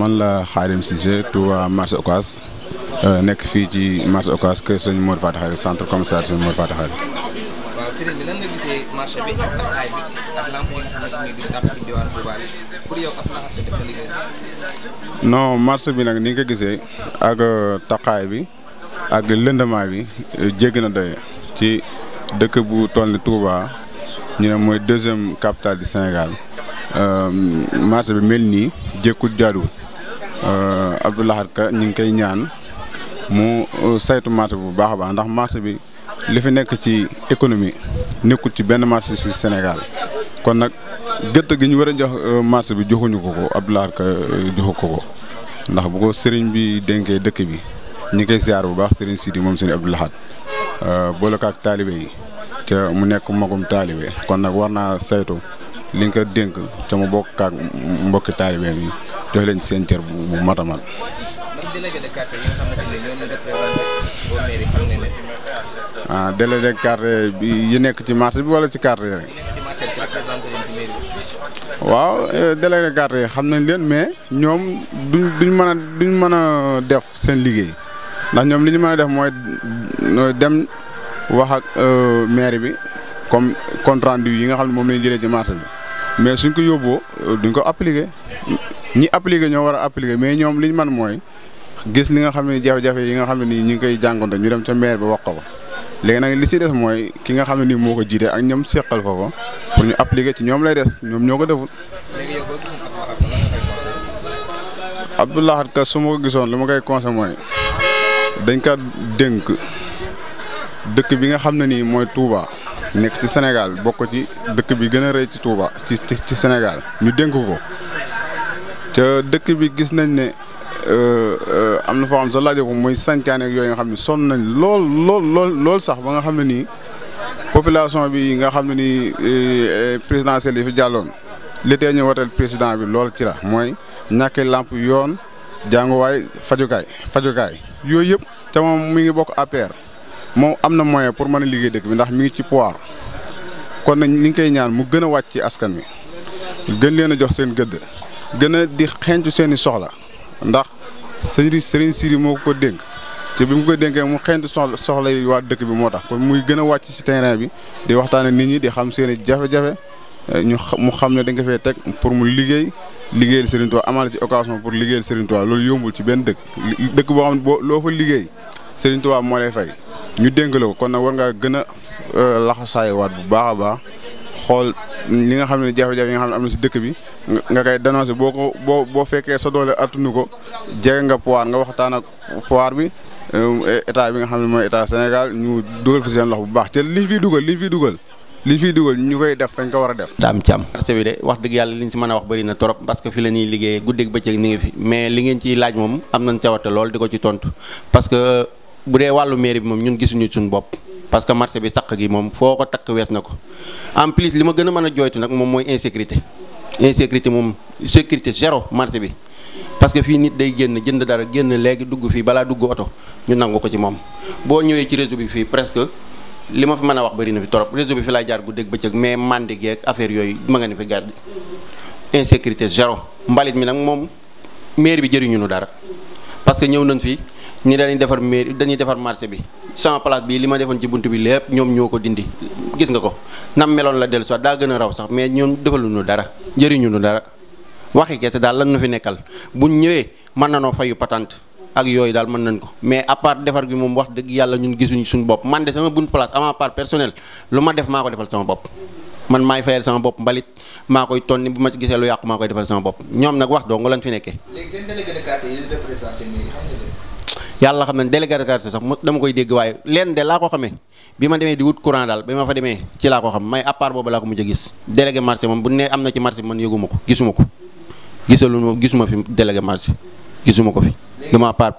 man la Khadim Cissé Touba marché Ocass euh, nekk fii ci marché Ocass kër sëñ Mor Fata Xari centre commercial sëñ bi nag ni nga ko gisee ak euh, taxawaay bi ak lëndamaay bi euh, jéggi na doye ci dëkk bu toll ni Touba ñu ne mooy deuxième capitale du Sénégal marché bi mel nii jékkul jaaduwul. Euh, Abdou Lahad Ka ñu ngi koy ñaan mu euh, saytu marché bu baax a baax ndax marché bi li fi nekk ci économie nekkul ci benn marché ci Sénégal kon nag gëtt gi ñu war a jox euh, marché bi joxuñu ko ko Abdou Ka joxu ko ko ndax bu ko sëriñ bi dénkee dëkk bi ñu koy ziar bu baax sëriñ yi moom sëriñ Abdou Lahad boole ko ak yi te mu nekk magum taalibe kon nag war naa saytu li nga dénk ca mu bokk ak mbokki taalibe yi jox leen seen cër bu bu matamal. ah délégué de quartier bi yi nekk ci marché bi wala ci quartier rek. waaw eh, délégué de quartier yi xam nañ leen mais ñoom duñ duñ mën a duñ mën a def seen liggéey ndax ñoom li ñu mën a def mooy dem wax ak euh, maire bi comme compte rendu yi nga xam ne moom lañ jëlee ci marché bi mais suñ ko yóbboo euh, duñ ko appliquer. ñi appliqué ñoo war a appliqué mais ñoom liñ man mooy gis li nga xam ne jafe-jafe yi nga xam ne nii ñu ngi koy jànkonte ñu dem ca maire ba wax ko ko léegi nag li ci des mooy ki nga xam ne nii moo ko jiite ak ñoom seqal ko pour ñu appliqué ci ñoom lay des ñoom ñoo ko deful. Abdoulahat Ka su ma ko gisoon lu ma koy conseil mooy dañ ka dénk dëkk bi nga xam ne nii mooy Touba nekk ci Sénégal bokk ci dëkk bi gën a rëy ci Touba ci ci Sénégal ñu dénk ko. dëkk bi gis nañ ne euh, euh, am na foo xam sa laajee ko muy sancaane yooyu nga xam ne sonn nañ lool lool lool sax ba nga xam ne nii population bi nga xam ne nii euh, présidentielle yi fi jàlloon li tee ñu woteel président bi lool ci la mooy ñàkki làmp yoon jànguwaay fajukaay fajukaay yooyu yëpp ca moom mu ngi bokk APR moom am na moyen pour mën a liggéey dëkk bi ndax mi ngi ci pouvoir kon nañ li ngi koy ñaan mu gën a wàcc ci askan wi gën leen a jox seen gëdd gën a di xeeñtu seen i soxla ndax sëriñ sëriñ yi moo ko dénk te bi mu ko dénkee mu xeeñtu soxla soxla yi waat dëkk bi moo tax kon muy gën a wàcc ci terrain bi di waxtaane nit ñi di xam seen jafe-jafe eh, ñu mu xam ne da nga fee teg pour mu liggéey liggéeyal Serigne Touba amal ci occasion pour liggéeyal Serigne Touba loolu yombul ci benn dëkk dëkk boo xam boo loo fa liggéey Serigne Touba moo lay fay ñu dénk ko kon nag war ngaa gën a eh, waat bu baax a xool li nga xam ne jafe-jafe yi nga xam ne am na si dëkk bi nga koy dénoncé boo ko boo boo fekkee sa doole attunu ko jege nga pouvoir nga waxtaan ak pouvoir bi euh, état bi nga xam ne mooy état Sénégal ñu dugal fi seen loxo bu baax te li fiy dugal liñ fiy dugal liñ fiy dugal ñu koy def fañ ko war a def. daam ci am bi de wax dëgg yàlla liñ si mën a wax bëri na trop que fi la ñuy liggéeyee guddeeg bëccëg ni ngi fi mais li ngeen ci laaj moom am nañ cawarte lool di ko ci tontu parce que bu dee wàllu mairie bi moom ñun gisuñu suñu bopp parce que marché bi saq gi moom foo ko takk wees na ko en plus li ma gën a mën a jooytu nag moom mooy insécurité insécurité moom sécurité zéro marché bi parce que fii nit day génn jënd dara génn léegi dugg fii balaa dugg oto ñu nangu ko ci moom boo ñëwee ci réseau bi fii presque li ma fi mën a wax bëri na fi trop réseau bi fi laay jaar guddeeg bëccëg mais mandi geeg affaire yooyu ma nga ni fi garde insécurité zéro mbalit mi nag moom maire bi jëriñu nu dara ni dañuy défar mairie dañuy défar marché bi sama place bi lima ma ci buntu bi lepp ñom ñoko dindi gis nga ko nam melon la dellu da gëna raw sax mais ñom ñoom ñu dara ñu dara waxi kese dal lañu fi nekkal bu ñëwé man nañu fayu patente ak yoy dal man nañ ko mais à part défar bi mom wax deug yalla ñun gisuñ suñ bop man de sama buntu place ama part personnel luma def mako ko defal sama bop man may fayal sama bop mbalit makoy tonni buma ci gisee lu yàqu makoy defal sama bop ñom nak wax do nga lan fi nekké légui seen délégué de quartier yi représenter mairie xam nga yàlla xam ne délégarisation sax dama koy dégg waaye leen de laa ko xamee bi ma demee di wut courant daal bi ma fa demee ci laa ko xam may à part laa ko mujj a gis délégué marché moom bu ne am na ci marché bi man yëguma ko gisuma ko gisuma fi délégué marché gisuma ko fi dama à part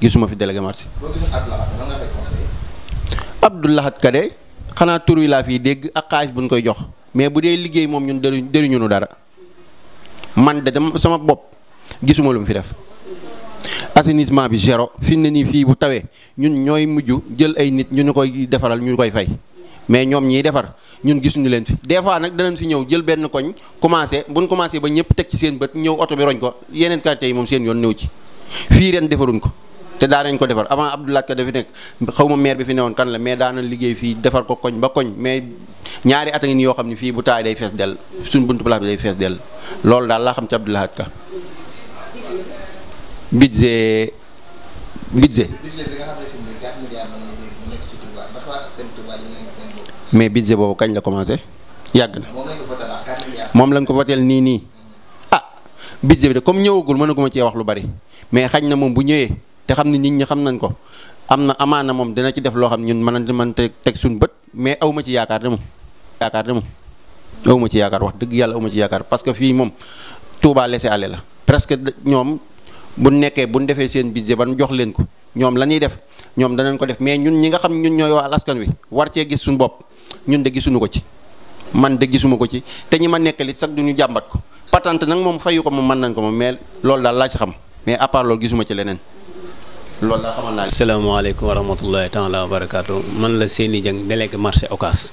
gisuma fi délégué marché Abdou Lahad Kade xanaa tur wi laa fii dégg ak xaalis buñ koy jox mais bu dee liggéey moom ñun dëriñu dëriñu nu dara man de dama sama bopp gisuma lu mu fi def assainissement bi zéro fi ne nii fii bu tawee ñun ñooy mujj jël ay nit ñu ñu koy defaral ñu koy fay mais ñoom ñiy defar ñun gisuñu leen fi des fois nag danañ fi ñëw jël benn koñ commencé buñ commencé ba ñëpp teg ci seen bët ñëw oto bi roñ ko yeneen quartier yi moom seen yoon néew ci fii ren defaruñ ko te daa nañ ko defar avant Abdoulaye Ka dafi nekk xaw ma maire bi fi newoon kan la mais daana liggéey fii defar ko koñ ba koñ mais ñaari at a nii yoo xam ne fii bu taay day fees dell buntu place bi day dell loolu daal laa xam ci Abdoulaye Ka budget budget mais budget boobu kañ la commencé yàgg na moom lañ ko voteel nii nii hmm. ah budget bi de comme ñëwagul mënaguma cee wax lu bari mais xañ na moom bu ñëwee te xam ni nit ñi xam nañ ko am na amaan amaana moom dina ci def loo xam ñun mën man te teg suñ bët mais aw ma ci yaakaar de mu yaakaar de mu aw ma ci yaakaar wax dëgg yàlla aw ma ci yaakaar parce que fii moom Touba laisser aller la presque ñoom bu nekké bu défé defee seen budget nyom jox leen ko ñom lañuy ñuy def ñoom danañ ko def mais ñun ñi nga xam ñun ñoy wa askan wi war ci gis suñ bop ñun de gisunu ko ci man de gisuma ko ci te ñima nekk li sax duñu jambat ko patente nak mom fayu ko mom man nañ ko mom mais lool dal la ci xam mais à part lool gisuma ci leneen lool la xamal assalamu alaykum wa rahmatullahi taala wa barakatuh man la seeni jang délégué marché okas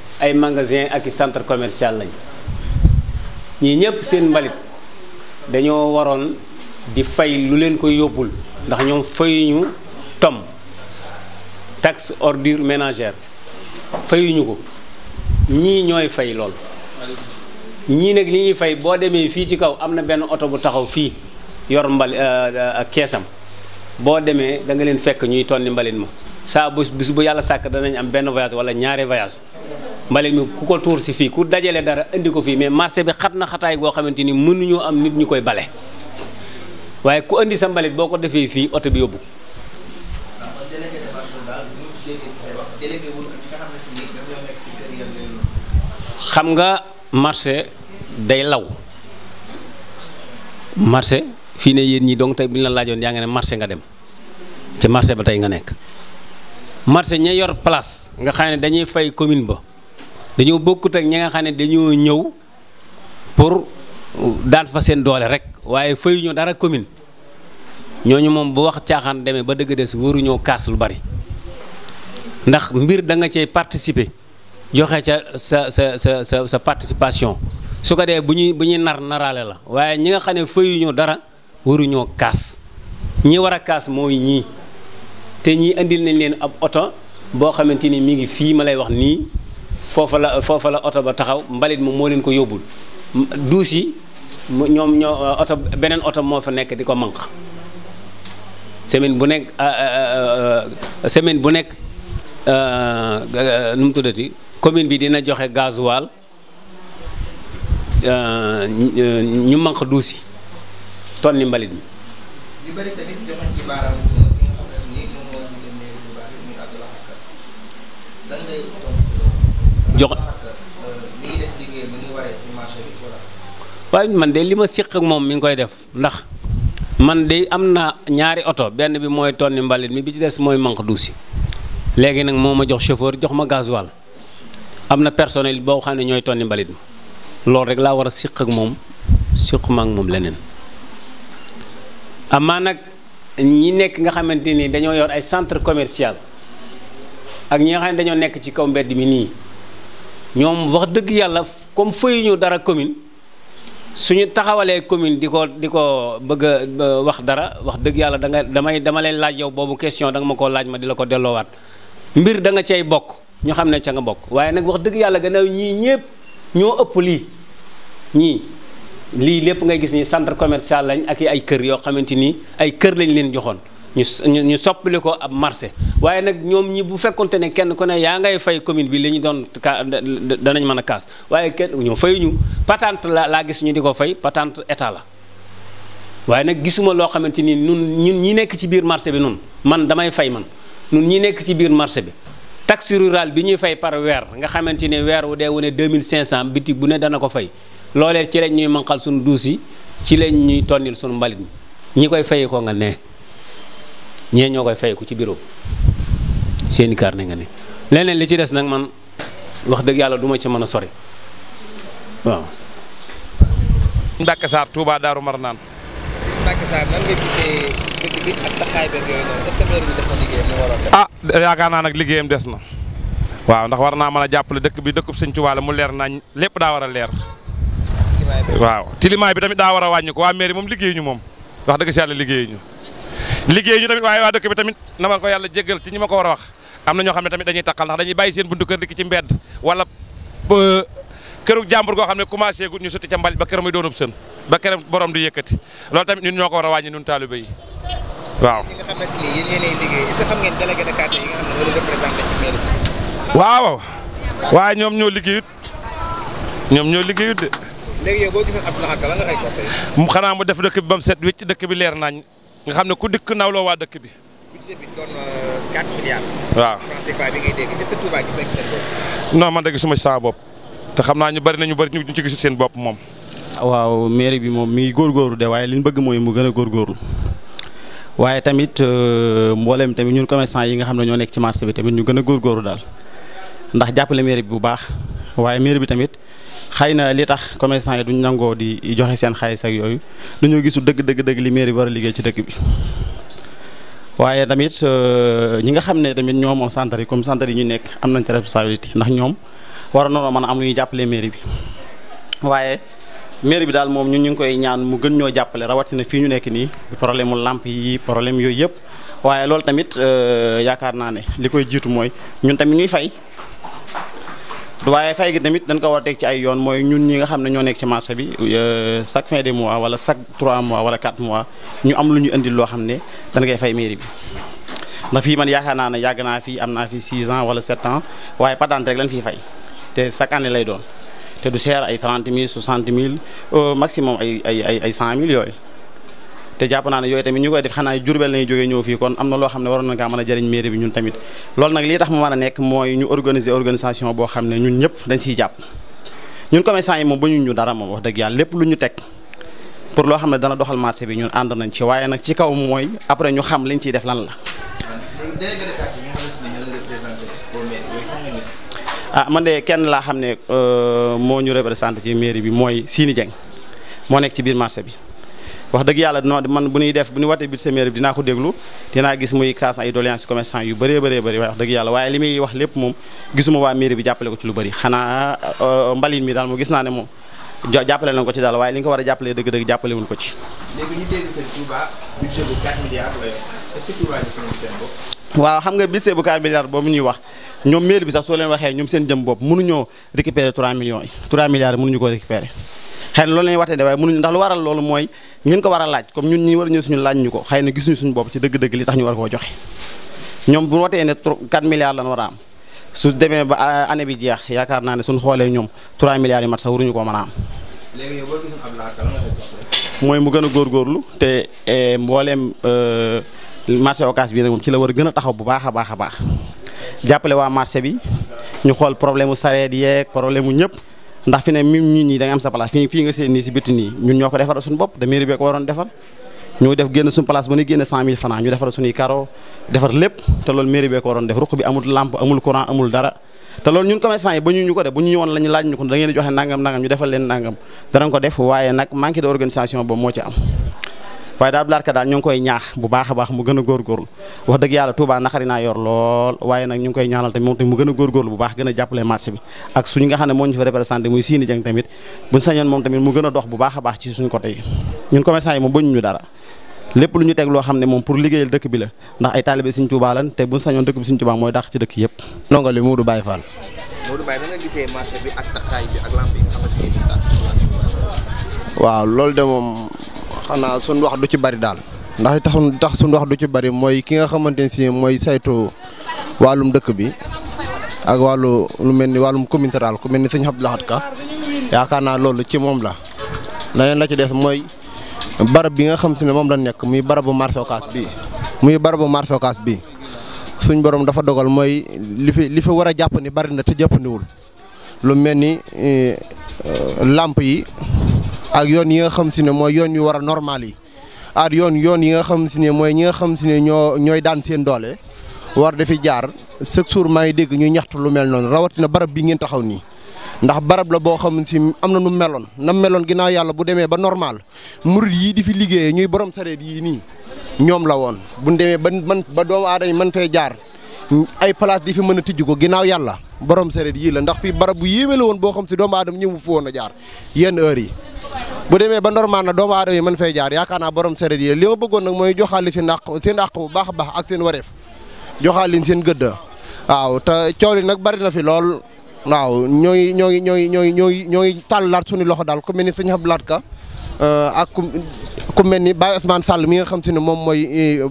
ay magasin ak centre commercial lañ ñii ñëpp seen mbalit dañoo waroon di fay lu leen koy yóbbul ndax ñoom fayuñu tom taxe ordure ménagère fayuñu ko ñii ñooy fay lool ñii nag li ñuy fay boo demee fii ci kaw am na benn oto bu taxaw fii yor mbal euh, euh, keesam boo demee danga leen fekk ñuy tonni mbalit ma saa bés bés bu yàlla sàkk danañ am benn voyage walla ñaari voyage mbalit mi ku ko tuur si fii ku dajale dara indi ko fii mais marché bi xat na xataay goo xamante ni mënuñoo am nit ñu bale waaye ku indi sa mbalit boo ko defee fii oto bi yóbbu xam nga marché day law marché fii ne yéen ñi donc tey bu ñu la laajoon yaa nga ne marché nga dem ci marché ba nga marché yor place nga dañuy fay commune ba dañoo bokkut ak ñi nga xam ne dañoo ñëw pour daan fa seen doole rek waaye fayuñu dara commune ñooñu moom bu wax caaxaan demee ba dëgg des waruñoo kaas lu bari ndax mbir da nga cay participer joxe ca sa sa sa sa sa participation su ko dee bu ñuy bu ñuy nar naraale la waaye ñi nga xam ne fayuñu dara waruñoo kaas ñi war a kaas mooy ñii te ñii indil nañ leen ab oto boo xamante ni mi ngi fii ma lay wax nii. foofa la foofa la oto ba taxaw mbalit mu moo leen ko yóbbul duus yi ñoom ñoo uh, beneen oto moo fa nekk di ko manq semaine bu nekk uh, uh, semaine bu nekk nu mu tuddati commune bi dina joxe gasoil ñu manq duus yi tonni mbalit mi. jox waaye man de li ma siq ak moom mi ngi koy def ndax man de am na ñaari oto benn bi mooy tonni mbalit mi bi ci des mooy manque duusi léegi nag moo ma jox chauffeur jox ma gasoil am na personnel boo xam ne ñooy ton mbalit mi loolu rek laa war a siq ak moom siq ma ak moom leneen amaa nag ñi nekk nga xamante ni dañoo yor ay centre commercial ak ñi nga xam dañoo nekk ci kaw mbedd mi nii ñoom wax dëgg yàlla comme fayuñu dara commune suñu taxawalee commune di ko di ko bëgg wax dara wax dëgg yàlla danga damay dama leen laaj yow boobu question da nga ma ko laaj ma di la ko delloowaat mbir danga nga bokk ñu xam ne ca nga bokk waaye nag wax dëgg yàlla gannaaw ñii ñépp ñoo ëpp lii ñii lii lépp ngay gis ni centre commercial lañ ak ay kër yoo xamante ni ay kër lañ leen joxoon ñu ñu soppali ko ab marché waaye nag ñoom ñi bu fekkonte ne kenn ku ne yaa ngay fay commune bi li ñu doon ka danañ mën a kaas waaye kenn ñoom fayuñu patente la laa gis ñu di ko fay patente état la waaye nag gisuma loo xamante ni nun ñun ñi nekk ci biir marché bi nun man damay fay man nun ñi nekk ci biir marché bi taxe rurale bi ñuy fay par weer nga xamante ni weer wu dee wu ne cent bitig bu ne dana ko fay loolee ci lañ ñuy manqal suñu duus yi ci lañ ñuy tonnil suñu mbalit ñi koy fayee ko nga ne ñe ñokay fay ku ci bureau seen carnet nga ni leneen li ci dess nak man wax deug yalla duma ci mën sori waaw. Mbacke Sarr Touba daru marnan Mbacke Sarr nan nga gisee dëkk bi ak taxaay beeg yooyu noonu est ce que leer bi dafa na mu ah yaakaar naa nag liggéeyam na waaw ndax warna mana mën a bi dëkkub Sëñ Touba la mu leer nañ lépp daa war leer. waaw tilimaay bi tamit da wara a wàññi ko mom. mairie moom liggéeyuñu moom wax dëgg si yàlla liggéeyuñu liggéey ñu tamit waaye wa dëkk bi tamit na ma ko yalla jéggal ci ñima ko wara wax amna ño xamne tamit dañuy takkal ndax dañuy bayyi seen buntu kër dik ci mbéd wala kërug jambur go xamne commencé gut ñu sotti ca mbal ba kër muy doonub seen ba kër borom du yëkëti lool tamit ñun ñoo ko war a ñun talibé yi waaw. nga xamne ci yeen nii yéen liggéey est-ce xam ngeen délégué de quartier yi nga xamne ne loolu représenté ci mairie waaw wa ñom ñoo liggéeyut ñom ñoo liggéeyut de. légui yow bo gisoon Abdou hakka la nga xay conseil. xana mu def dëkk bi bam set wécc dëkk bi leer nañ nga xam ne ku dikk nawloo waa dëkk bi. budget bi euh, man de gisuma ci sama bopp te xam naa ñu bari na ñu bari ñu ci gisul seen bopp moom. Ah, waaw mairie bi moom mi góor góorgóorlu de waaye li ñu bëgg mooy mu gën a góor góorgóorlu waaye tamit euh, mboolem tamit ñun commerçant yi nga xam ne ñoo nekk ci marché bi tamit ñu gën a góorgóorlu daal ndax jàppale mairie bi bu baax waaye mairie bi tamit. xëy na li tax commerçant yi duñ nangoo di joxe seen xaalis ak yooyu dañoo gisu dëgg dëgg dëgg li bi war a liggéey ci dëkk bi waaye tamit euh, ñi nga xam ne tamit ñoo moom centre comme centre yi ñu nekk am nañ ci responsabilité ndax ñoom war a noonu mën a am lu jàppale mairie bi waaye maire bi daal moom ñun ñu ngi koy ñaan mu gën ñoo jàppale rawatina fii ñu nekk nii problème mu làmp yi problème yooyu yëpp waaye loolu tamit euh, yaakaar naa ne li koy jiitu mooy ñun tamit ñuy fay waaye fay gi tamit dañ ko war a teg ci ay yoon mooy ñun ñi nga xam ne ñoo nekk ci marché bi euh, chaque fin de mois wala chaque 3 mois wala 4 mois ñu am lu ñu indi loo xam ne dañ koy fay mairie bi ndax fii man yaakaar naa ne yàgg naa fii am naa fi 6 ans wala 7 ans waaye patente rek lañ fiy fay te chaque année lay doon te du cher ay 30 mille 60 mille maximum ay ay ay 100 mille yooyu. te jàpp naa ne yooyu tamit ñu koy def xanaa jurbel lañuy jógee ñëw fii kon am na loo xam ne waroon nañ kaa mën a jëriñ mairie bi ñun tamit loolu nag lii tax mu mën a nekk mooy ñu organiser organisation boo xam ne ñun ñëpp dañ siy jàpp ñun commerçant yi moom ba ñu ñu dara moom wax dëgg yàlla lépp lu ñu teg pour loo xam ne dana doxal marché bi ñun ànd nañ ci waaye nag ci kaw mooy après ñu xam lañ ciy def lan la ah man de kenn laa xam ne euh, moo ñu représenté ci mairie bi mooy Sini Dieng moo nekk ci biir marché bi wax dëgg yàlla non man bu ñuy def bu ñu watee budget mairie bi dinaa ko déglu dinaa gis muy kaas ay doléances commerçant yu bëree bëree bëri wax dëgg yàlla waaye li muy wax lépp moom gisuma waa mairie bi jàppale ko ci lu bëri xanaa euh, euh, mbalin mi daal moom gis naa ne moom jàppale nañ ko ci daal waaye li nga ko war a jàppalee dëgg-dëgg jàppale wuñ ko ci. léegi ñu dégg que Touba budget bu 4 milliards la waaw xam nga budget bu 4 milliards boobu ñuy wax ñoom mairie bi sax soo leen waxee ñoom seen jëm bopp mënuñoo récupérer 3 millions yi 3 milliards mënuñu ko récupérer xëy na loolu la ñuy waxtee de waaye mënuñu ndax lu waral loolu mooy ñun ko war a laaj comme ñun ñi war a ñëw suñu laaj ñu ko xëy na gisuñu suñu bopp ci dëgg-dëgg li tax ñu war koo joxe ñoom bu watee ne 4 milliards lan war am su demee ba euh, année bi jeex yaakaar naa ne suñu xoolee ñoom 3 milliards yu mat sax waruñu ko mën a mooy mu gën a góor góorlu te euh, mbooleem euh, marché occas bi nag moom ci la war a gën a taxaw bu baax a baax a baax jàppale waa marché bi ñu xool problème mu sareet yeeg problème mu ñëpp ndax fi ne même ñun ñi nga am sa place fii fii nga seen nii si bitti nii ñun ñoo ko defar suñu bopp da mairie bi ko waroon defar ñu def génn suñu place ba ñu génn cent mille francs ñu defar suñuy caro defar lépp te loolu mairie bi ko waroon def ruq bi amul lampe amul courant amul dara te loolu ñun commerçant yi ba ñu ñu ko def bu ñu ñëwoon lañu laaj ñu ko da ngeen di joxe nangam nangam ñu defal leen nangam danañ ko def waaye nag manque d'organisation boobu am waye daal Abdoulaye Ka daal ñu koy ñaax bu baaxa baax mu gëna gor góorgóorlu wax deug yalla Touba naqari na yor lool waye nak ñu koy ñaanal tamit mu gëna gor góorgóorlu bu baax gëna jappalé marché bi ak suñu nga xamne mo ñu fa représenté muy Sini Dieng tamit bu sañon mom tamit mu gëna dox bu baaxa baax ci suñu côté yi ñun commerçant yi mo bañu ñu dara lepp lu ñu teg loo xam ne pour liggéeyal dëkk bi la ndax ay talibé Sëriñ touba lan té bu sañon dëkk bi Sëriñ touba moy dàq ci dëkk yëpp ndongo li Modou Baye Fall Modou Baye da nga gisé marché bi ak taxaay bi ak lamp yi nga xamne xam ne waaw loolu de mom xanaa suñ wax du ci bari daal ndax tax tax suñ wax du ci bari mooy ki nga xamante ne si mooy saytu wàllum dëkk bi ak wàllu lu mel ni wàllum commune ku mel ni suñ Abdou laxat Ka yaakaar naa loolu ci moom la leneen la ci def mooy barab bi nga xam si ne moom la nekk muy barabu marché bi muy barabu marché bi suñ borom dafa dogal mooy li fi li fi war a jàpp ni bari na te jàppandiwul lu mel ni eh, làmp yi ak yoon yi nga xam si ne mooy yoon yu war a normal yi ak yoon yoon yi nga xam si ne mooy ñi nga xam si ne ñoo ñooy daan seen doole war dafi jaar chaque jour maa ngi dégg ñu ñaxtu lu mel noonu rawatina barab bi ngeen taxaw nii. ndax barab la boo xam si am na nu meloon na meloon ginnaaw yàlla bu demee ba normal murid yii di fi liggéeyee ñuy borom sareet yii nii ñoom la woon bu demee ba man ba doomu aadama man fee jaar ay place di fi mën a tijj ko ginnaaw yàlla borom sareet yii la ndax fii barab bu yéeme la woon boo xam si doomu aadama ñëwu fi jaar yenn yi. bu demee ba normal na doomu aadama yi mën fay jaar yakana borom sareet yi li ma bëggoon nag mooy joxaali ci nak ci nak bu baax baax ak seen wareef joxaali leen seen gëdd waaw ta ciori nak bari na fi lool waaw ñoy ñoy ñoy ñoy ñoy ñooy tàllalaat suñu loxo dal ku melni señu sëñ ka euh ak ku melni Baye Ousmane Sall mi nga xam ci ni mom moy euh,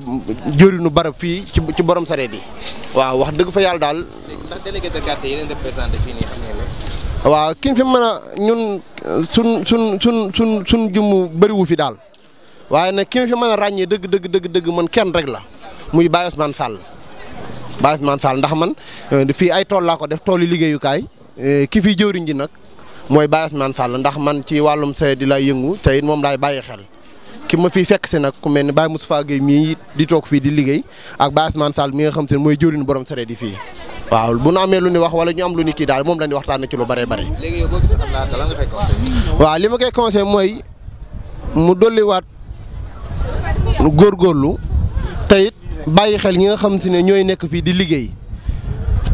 jëriñu barab fi ci borom sareet yi waaw wax dëgg fa yalla dal ndax délégué de quartier yi représenté fi ni xam nga waaw ki fi ñun sun sun sun sun sun jëmm bëriwu fi daal waaye nag ki fi mën ràññee dëgg dëgg dëgg dëgg man kenn rek la muy Baye Ousmane Sall Baye Ousmane ndax man eh, fii ay tool laa ko def tool yi liggéeyukaay eh, ki fi jëwriñ ji nag mooy Baye Ousmane ndax man ci wàllum saret di lay yëngu te it moom bàyyi xel. ki ma fiy fekk si nag ku mel ne Baye Moustapha Gueye mii di toog fii di liggéey ak Baye Ousmane Sall mi nga xam te mooy jëwriñ borom saret di fii. waaw bu ñu amee lu ñu wax wala ñu am lu ñu kii daal moom la ñuy waxtaanee ci lu bëree bëri. léegi yow boo gisee waaw li ma koy conseillé mooy mu dolliwaat góorgóorlu te it bàyyi xel ñi nga xam si ne ñooy nekk fii di liggéey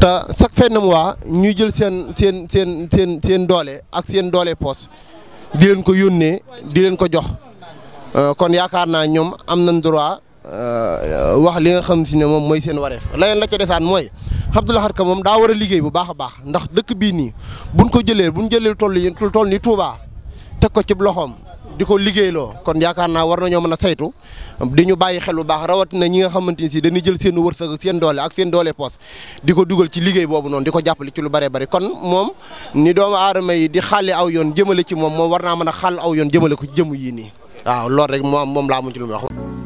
te chaque fin mois ñuy jël seen seen seen seen seen doole ak seen doole poos di leen ko yónnee di leen ko jox euh, kon yaakaar naa ñoom am nañ droit. Euh, wax li nga xam si ne moom mooy seen wareef leneen na ca desaan mooy Abdou Lahad Ka moom daa war a liggéey bu baax a baax ndax dëkk bii nii buñ ko jëlee bu buñ jëlee toll yi toll nii Touba teg ko ci loxoom di ko liggéeyloo kon yaakaar naa war nañoo mën a saytu di ñu bàyyi xel bu baax rawatina ñi nga xamante ni si dañuy jël seen wërsëg ak seen doole ak seen doole poos di ko dugal ci liggéey boobu noonu di ko jàppale ci lu bëree bëri kon moom ni doomu aadama yi di xàlle aw yoon jëmale ci moom moom war naa mën a xàll aw yoon jëmale ko jëmm yii nii waaw lool rek moom moom laa mu ci lu mu wax